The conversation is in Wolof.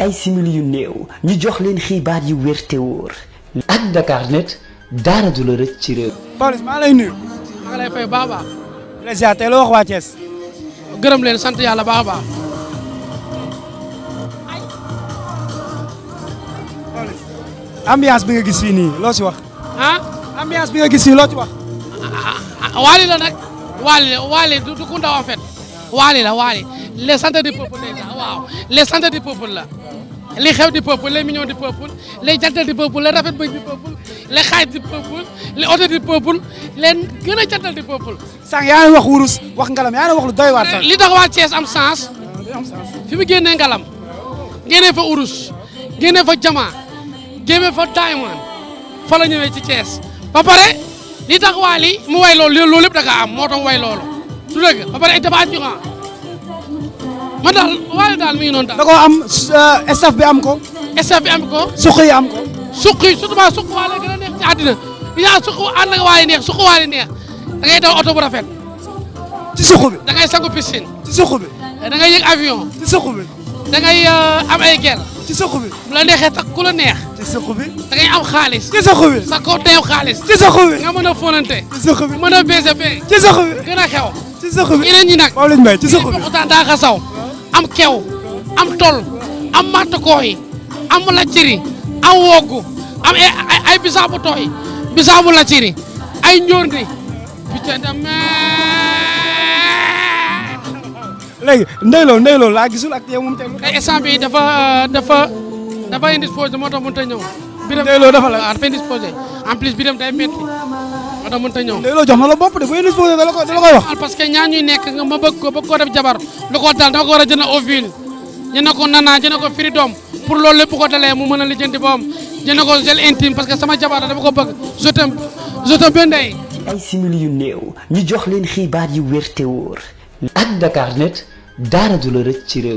ay simili yu néew ñu jox leen baat yu wér te wóor. ak Dakarnet daara du la rëcc ci réew. Pawlish maa lay nuyu. maa lay baax baax. président tey la wax waa Thiès. gërëm leen sant yàlla baax a baax. Pawlish bi nga gis fii nii loo ci wax. ah ambiance bi nga gis fii loo ci wax. Ah, ah, ah, waali la nag. waali du du ku ndaw waali la waali les centres du peuple la waaw les centres du peuple la li xew di peuple les millions du peuple les jantal di peuple les rafet bëj di peuple les xaaj di peuple les oto di peuple les gën a jantal di peuple. sànq yaa ngi wax wurus wax ngalam yaa ngi wax lu doy waar. li tax waa Thiès am sens fi mu génnee ngalam génnee fa urus génnee fa jama génnee fa diamond fa la ñëwee ci Thiès ba pare li tax waa li mu way loolu loolu lépp da nga am moo tax way loolu. su dëgg ba pare dafa assurant man daal waaye daal mi ngi noonu daal. da koo am euh, staff bi am ko. staff bi am ko. suq yi am ko. suq yi surtout maa suq a neex ci àddina yaa suq waaye neex suq waa neex da ngay daw oto bu rafet. ci suq bi da ngay sangu piscine. ci da ngay yëg avion. ci suq da ngay euh, am ay ger. ci suq la neexee takk ku la neex. ci suq bi da ngay am xaalis. ci suq bi sa ko teew xaalis. ci suq bi nga mën a fonante. ci suq bi mën a BCP. ci suq bi gën a xew. ci sëq bi yeneen ñi nag moom lañ may ci sëq bi waxtaan daa xasaw am kew am tol am mattakooy am lacciri am woggu am ay bisaabu tooy bisaabu lacciri ay njóorndi putain de léegi ndeyloo ndeyloo laa gisul ak yow moom tamit. ay instant bi dafa dafa dafa indisposé moo tax mënut a ñëw. biram ndeyloo dafa la ah, dafa indisposé en plus biram day métti. moo tax mënta ñëw. loo na la bopp de bu indisposé da la koy wax. nekk ma bëgg ko bëgg koo def jabar lu ko dal dama ko war a jënd ovule jënd ko nana jënd ko freedom pour loolu lépp ko dalee mu mën a lijjanti boom jënd ko gel intime parce que sama jabar dama ko bëgg je t'aime je ay simili yu néew ñu jox leen xibaar yu wér te wóor. ak Dakar net dara du la rëcc